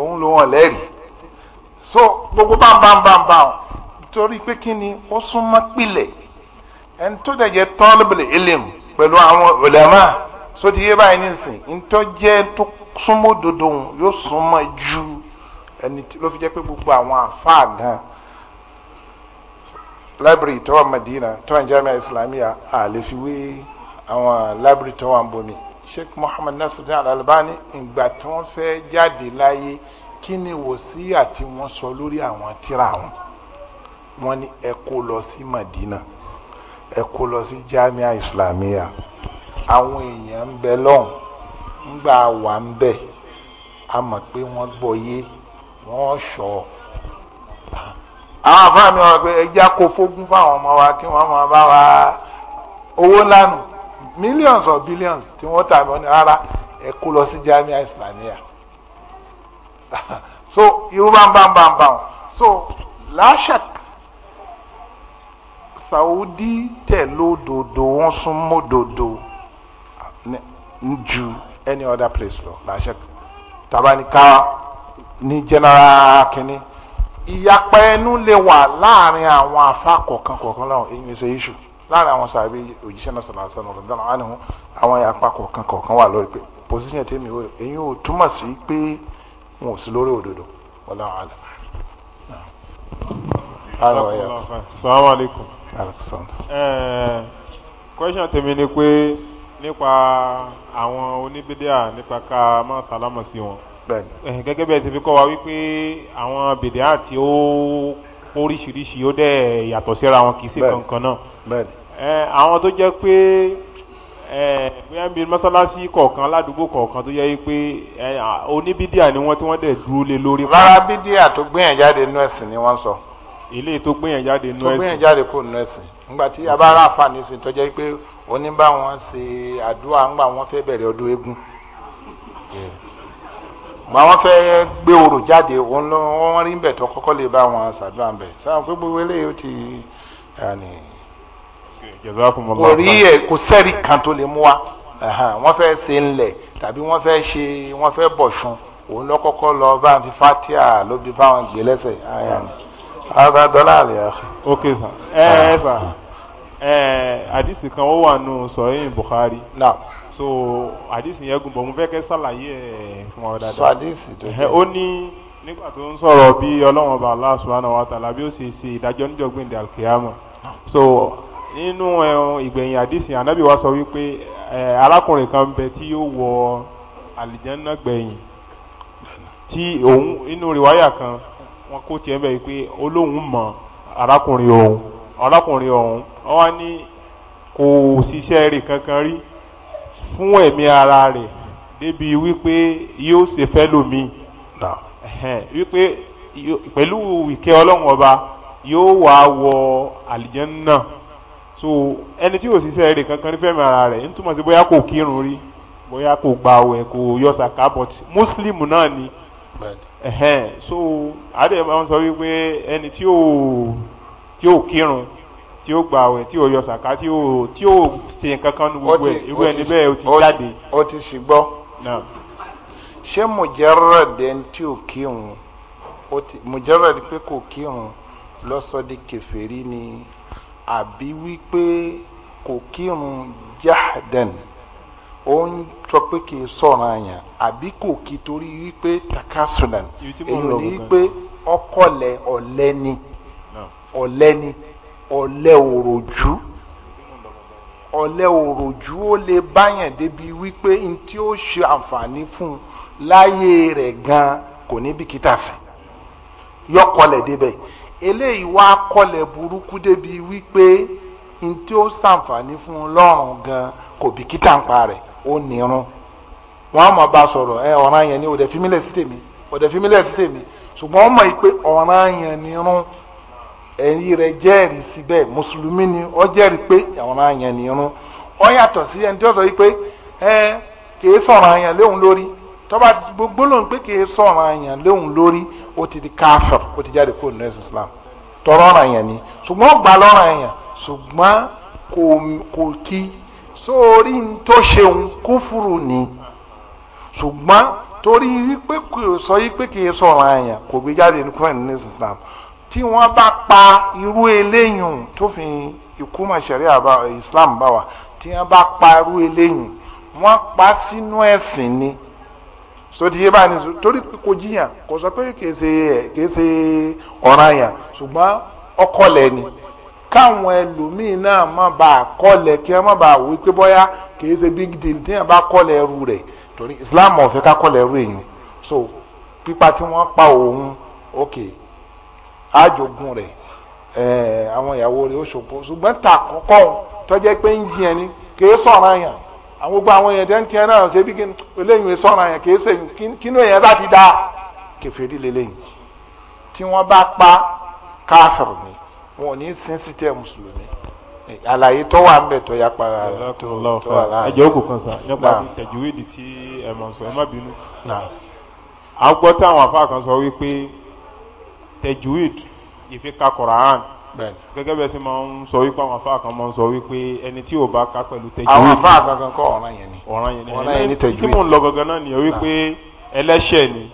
òun ló hàn lẹ́rìí so gbogbo bámbámbámbá o torí pé kí ni ó súnmọ́ pilẹ̀ ẹni tó dẹ̀ jẹ́ tọ́lẹ̀bìlì ilim pẹ̀lú àwọn ulama so ti yé báyìí nísìnyí ntọ́ jẹ́ tó súnmọ́ dodo yóò súnmọ́ ju ẹni ló fi jẹ́ pé gbogbo àwọn àfáà gan library tó Madina tó wà Islamiya. Jamia Islamia àlefiwé àwọn library tó wà sheikh muhammad nasiruddin al-albani ìgbà tí wọ́n fẹ́ jáde láyé kí ni wòsíyà tí wọ́n sọ lórí àwọn tíra wọn wọ́n ní ẹ kó lọ sí madina ẹ kó lọ sí jamia islamia àwọn èèyàn ń bẹ lọ́hùn ńgbà wà ń bẹ a mọ̀ pé wọ́n gbọ́ yé wọ́n sọ àwọn afáàmì wọn pé ẹ já kó fógún fáwọn ọmọ wa kí wọ́n máa bá wa owó lánàá millions or billions tí wọ́n tà mọ́ ni rárá ẹ kó lọ sí jamia islamia *laughs* so irú bámbámbámbá o so Lashak saudi tẹ̀lódodo wọ́n sún mọ́dodo ju any other place lọ Lashak. tabanika ní general kínní ìyapa ẹnu lè wà láàrin àwọn afa kọ̀ọ̀kan kọ̀ọ̀kan láwọn èyí ṣe issue láàrin àwọn sàbí òjíṣẹ́ náà sọ̀rọ̀ àṣà ọ̀rọ̀ dáná àánú àwọn apá kọ̀ọ̀kan kọ̀ọ̀kan wà lórí pé pòsíṣàn tèmi ò èyí ò túmọ̀ sí pé wọn ò sí lórí òdodo wọlé àwọn àlẹ. Assalamu alaikum. question tèmi ni pé nípa àwọn oníbídíà nípa ká máa sálámọ̀ sí wọn gẹ́gẹ́ bí ẹ ti fi kọ́ wa wípé àwọn bìdíà tí ó oríṣiríṣi ó dẹ̀ yàtọ̀ síra wọn kì í ṣe kankan náà àwọn tó jẹ́ pé bóyá ń bi mọ́sálásí kọ̀ọ̀kan ládùúgbò kọ̀ọ̀kan tó yẹ pé oníbídíà ni wọ́n tí wọ́n dẹ̀ dúró lé lórí. rárá bídíà tó gbìyàn jáde nú ẹ̀sìn ni wọ́n sọ. ilé tó gbìyàn jáde nú ẹ̀sìn. tó gbìyàn jáde kó nú ẹ̀sìn ńgbà tí abára àǹfààní sí tó jẹ́ pé oníbà wọn ṣe àdúrà ńgbà wọn fẹ́ bẹ̀rẹ̀ ọdún eégún. gbà wọn fẹ́ gbé orò jáde wọn rí ń bẹ̀ tó kọ́kọ́ lè bá wọn ṣàdúrà ń bẹ̀ sáà kò rí ẹ kò sẹ́rí kan tó lè mú wa wọ́n fẹ́ ṣe ńlẹ̀ tàbí wọ́n fẹ́ ṣe wọ́n fẹ́ bọ̀ṣun òun lọ́kọ́kọ́ lọ bá ń fi fatia ló bí fáwọn gbé lẹ́sẹ̀ ayani ara dọ́là àlẹ́ àfi. ok sir ẹ ẹ fà ẹ àdìsí kan ó wà nù sọ̀rọ̀ Bukhari. naam so àdìsí yẹn gùn bọ̀ mo fẹ́ kẹ́ sàlàyé ẹ̀ fún ọ dáadáa. sọ àdìsí tó jẹ́ ó ní nígbà tó ń sọ̀rọ̀ bí ọlọ́run ọba Allah subhanahu wa ta'ala bí ó ṣe ṣe ìdájọ́ níjọ́gbìn dàlkìyàmọ̀ so nínú eh, ìgbẹ̀yìn àdìsí ànábì wa sọ wípé eh, arákùnrin kan bẹ tí yóò wọ àlìjánná gbẹ̀yìn tí òun inú rìwáyà kan wọn kó tiẹ̀ bẹ̀ wípé olóhùn mọ arákùnrin òun arákùnrin ọ̀hún wọn wá ní kò ṣiṣẹ́ rẹ̀ kankan rí fún ẹ̀mí ara rẹ̀ débi wípé yóò ṣe fẹ́ lómi wípé pẹ̀lú ìkẹ́ ọlọ́run ọba yóò wá wọ àlìjánná so ẹni tí ó ṣiṣẹ́ rẹ̀ kankan ní fẹ́mi ara rẹ̀ nítumọ̀ sí bóyá kò kírun rí bóyá kò gba àwẹ̀ kò yọ sàká but muslim náà ni ẹ̀hẹ́n so adé máa ń sọ wípé ẹni tí ó tí ó kírun tí ó gba àwẹ̀ tí ó yọ sàká tí ó tí ó ṣe kankan ní gbogbo ẹ̀ irú ẹni bẹ́ẹ̀ ó ti jáde. ó ti sì gbọ́ ṣé mùjẹ́rọ̀dẹ̀ tí ò kírun mùjẹ́rọ̀dẹ̀ pé kò kírun lọ́sọ̀dẹ̀ kèfèrí ni àbí wípé kò kírun jahden ó ń sọ pé kì í sọ̀rọ̀ àyàn àbí kò kí torí wípé takasunan èyí ni wípé ọkọlẹ ọ̀lẹ ni ọ̀lẹ ni ọ̀lẹ òròjú ọ̀lẹ òròjú ó lè báyàn débi wípé n ó ṣe àǹfààní fún un láyé rẹ̀ gan kò ní bìkítà sí yọkọlẹ débẹ̀ eléyìí wá kọlẹ̀ burúkú débi wípé n tí ó ṣàǹfààní fún un lọ́rùn gan kò bìkítà ń pa rẹ̀ ó nírun wọn á mọ̀ bá a sọ̀rọ̀ ẹ ọ̀ràn yẹn ni òdẹ fímílẹ̀ sí tèmi òdẹ fímílẹ̀ sí tèmi ṣùgbọ́n ó mọ̀ pé ọ̀ràn yẹn nírun ẹ̀rí rẹ̀ jẹ́rìí sí mùsùlùmí ni ó jẹ́rìí pé ọ̀ràn yẹn nírun ó yàtọ̀ sí ẹni tí ó sọ wípé ẹ kì í sọ̀ràn yẹn léhun lórí tọ́ba gbogbo ló ń pé kì í sọ̀rọ̀ àyàn léhùn lórí ó ti di káfíìr ó ti jáde kó nẹ́ẹ̀sì islam tọrọ ọ̀ràn yẹn ni ṣùgbọ́n gbà lọ́ràn yẹn ṣùgbọ́n kò kò kí sórí tó ṣeun kúfùrù ni ṣùgbọ́n torí wípé kò sọ wípé kì í sọ̀rọ̀ àyàn kò gbé jáde kúrò ní islam tí wọ́n bá pa irú eléyìn tó fi ikú mọ̀ṣẹ̀rí islam bá wà tí wọ́n bá pa irú eléyìn wọ́n pa sínú ẹ̀sìn ni sóti yé báyìí nìyí torí kò jiyàn kò sọ pé kìí ṣe ọ̀ràn yàn ṣùgbọ́n ọkọlẹ̀ ni káwọn ẹlòmíín náà má bàa kọlẹ̀ kí wọ́n má bàa wí pé bọ́yá kìí big deal tí yàn bá kọlẹ̀ ẹrú rẹ̀ torí Islam ò fẹ́ ká kọlẹ̀ ẹrú èèyàn so pípa tí wọ́n pa òun ok àjogún rẹ̀ ẹ̀ẹ́d àwọn ìyàwó rẹ̀ ó ṣòfò ṣùgbọ́n tà kọ́kọ́ tọ́jẹ́ pé ń jiyàn ni kìí sọ̀ràn yàn àwọn gbogbo àwọn èèyàn tẹ́ ń tiẹ́ náà ṣe bí kí eléyìí sọ̀rọ̀ yẹn kì í ṣe kínú èèyàn bá ti da kẹfìrí lélẹ́yìn tí wọ́n bá pa káfíìrì ni wọn ò ní sin sí tẹ mùsùlùmí àlàyé tó wà ń bẹ tó yá para rẹ tó wà láàrin. ẹjọ́ kò kan sá nípa tẹ̀júwèdì tí ẹ mọ̀ sọ ẹ má bínú. a gbọ́ táwọn afáàkàn sọ wípé tẹ̀júwèdì ìfikà Kùránì gẹ́gẹ́ bẹ́ẹ̀ sì máa ń sọ wípé àwọn afáà máa ń sọ wípé ẹni tí ò bá ká pẹ̀lú tẹ̀jú. àwọn afáà gangan kọ ọ̀ràn yẹn ni ọ̀ràn yẹn ni tẹ̀jú. tí mò ń lọ gangan náà nìyẹn wípé ẹlẹ́ṣẹ̀ ni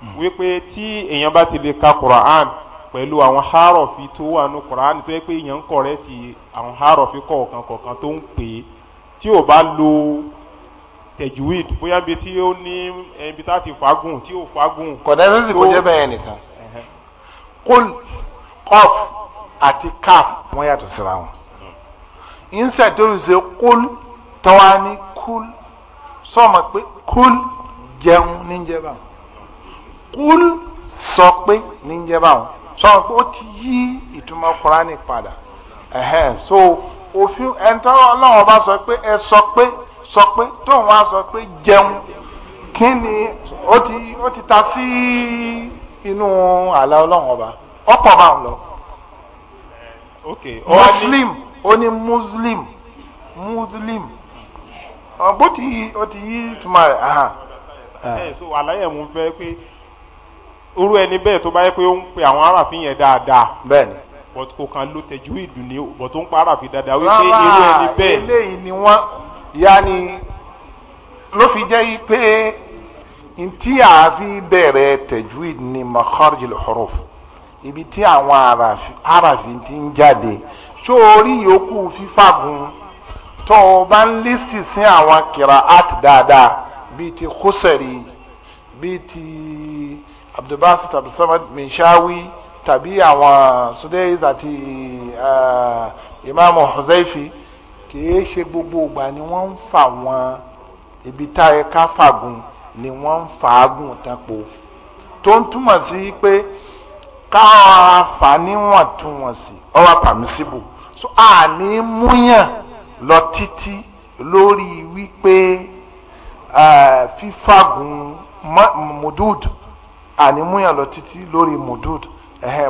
hmm. wípé tí èèyàn bá ti lè ka Quran pẹ̀lú àwọn hárọ̀fì tó wà ní Quran tó yẹ pé èèyàn ń kọ̀rẹ́ ti àwọn hárọ̀fì kọ̀ọ̀kan kọ̀ọ̀kan tó ń pè é tí ò bá lo tajwid bóyá bíi tí ó ní ibi tá ti fagùn tí ó fagùn. kọ̀dẹ́sì kò jẹ́ bẹ́ẹ̀ nìkan. kul àti kaf wọ́n yàtọ̀ síra wọn ìnsẹ̀ tó ń ṣe kúl tọ́wá ní kúl sọ́mọ pé kúl jẹun níjẹ́ báwọn kúl sọ pé níjẹ́ báwọn sọ́mọ pé ó ti yí ìtumọ̀ kúránì padà so òfin ẹ̀ńtọ́ ọlọ́run bá sọ pé ẹ sọ pé sọ pé tóun wá sọ pé jẹun kí ni ó ti ta sí inú àlà ọlọ́run ọba ọ̀pọ̀ báwọn lọ okay. muslim ó ní muslim muslim bó ti yí ó ti yí tuma rẹ̀ aha. ẹ so àlàyé mo fẹ́ pé irú ẹni bẹ́ẹ̀ tó bá yẹ pé ó ń pe àwọn aráàfin yẹn dáadáa. bẹ́ẹ̀ni but kò kan ló tẹjú ìdùn ní bọ̀ tó ń para fi dáadáa wípé irú ẹni bẹ́ẹ̀. eléyìí ni wọ́n yaani ló fi jẹ́ pé ntí àfi bẹ̀rẹ̀ tẹjú ìdùn ní makharijil huruf ibi tí àwọn àràfin ti ń jáde ṣó orí yòókù fífàgùn tó o bá ń lísìtì sí àwọn kìrà art dáadáa bíi ti kúsẹ̀rì bíi ti abdulbasi tàbí samad minshawi tàbí àwọn sudais àti eh, imaamu huzaifi kìí ṣe gbogbo ìgbà ni wọ́n ń fa wọn ibi tá a ká fàgùn ni wọ́n ń fàágùn tán po tó ń túmọ̀ sí pé ká fà níwọ̀ntúnwọ̀nsì ọwọ́ pàmísìbò so a ní múyàn lọ títí lórí wípé fífàgùn mudud a ní múyàn lọ títí lórí mudud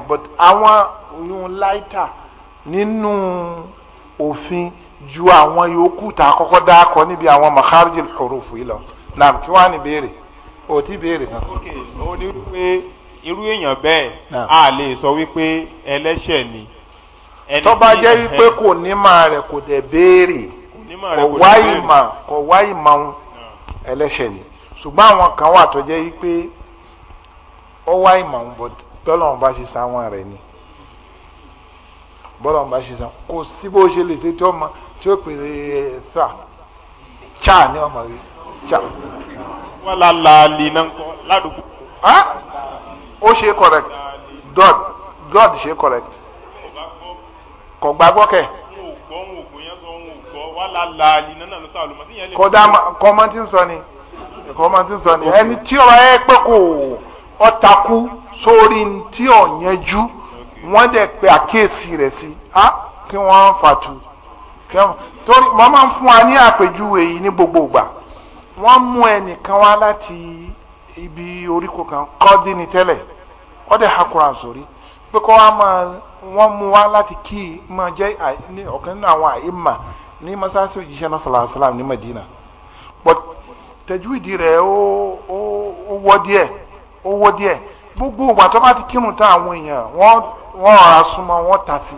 but àwọn oyún láìta nínú òfin ju àwọn yòókù tá a kọ́kọ́ dá kọ níbi àwọn makharijil hurufu yìí lọ nàbí kí ní béèrè òtí béèrè kan irú èèyàn bẹ́ẹ̀ ah. a lè sọ wípé ẹlẹ́ṣẹ̀ ni. tó bá jẹ́ wípé kò ní máa rẹ̀ kò dẹ̀ béèrè kò wá ìmọ̀ kò wá ìmọ̀ ń ah. ẹlẹ́ṣẹ̀ ni ṣùgbọ́n àwọn kan wà tó jẹ́ wípé ó wá ìmọ̀ ń bá ṣe sáwọn rẹ̀ ni bọ́lọ́run bá ṣe sáwọn kò sí bó ṣe lè ṣe tí ó mọ tí ó pè é sà chá ni ọmọ rẹ chá. wọ́n la laali náà ládùúgbò ó ṣe correct god god ṣe correct kò gbàgbọ́ kẹ̀. kódà kọ́mọ tí ń sọ ni kọ́mọ tí ń sọ ni ẹni tí ọ̀rọ̀ ẹ pé kò ọ̀takú sórí tí ò yẹn jú wọ́n dẹ̀ pé àkíyèsí rẹ̀ sí kí wọ́n fàtú torí wọ́n máa ń fún wa ní àpèjúwe yìí ní gbogbo ìgbà wọ́n mú ẹnìkan wá láti ibi oríko kan kọ́dí ni tẹ́lẹ̀ wọ́n dẹ̀ ha sórí pé kọ́ wa máa wọ́n mú wa láti kí i máa jẹ́ ọ̀kan nínú àwọn àìmà ní Madina but tẹ̀júìdì rẹ̀ ó wọ́ díẹ̀ ó wọ́ díẹ̀ gbogbo ìgbà tó bá ti kírun tán àwọn èèyàn wọ́n wọ́n súnmọ́ wọ́n ta sí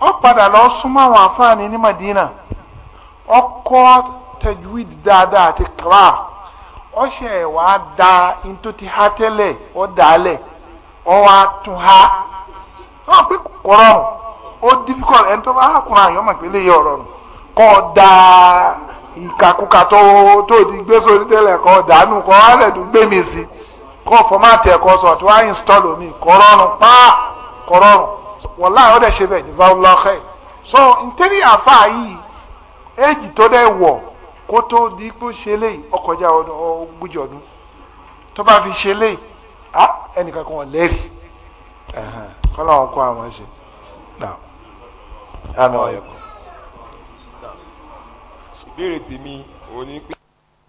i padà lọ súnmọ́ àwọn ọṣẹ wa da ntó ti ha tẹ́lẹ̀ ọ dalẹ̀ ọ wa tún ha ọ pé kọrọrùn ó difficult ẹni tó bá kùnà àyọmọ pé lè yẹ kọ da ìkàkùkà tó tó ti gbé sórí tẹ́lẹ̀ kọ dànù kọ alẹdùn gbé mi sí kọ fọmáàtì ẹkọ sọ tí wàá install omi kọrọrùn pa kọrọrùn wọlá ọdẹ ṣe bẹ́ẹ̀ jẹsà ọlọkẹ so ntẹni àfa yìí éjì tó dẹ wọ. kó tó di pé ṣe léyìí ọkọjá ogójì ọdún tó bá fi ṣe léyìí á ẹnìkan kan lẹ́rìí kọ́lá wọn kó àwọn ṣe náà àmì ọ̀yọ̀kọ̀. ìbéèrè tèmi òun pé.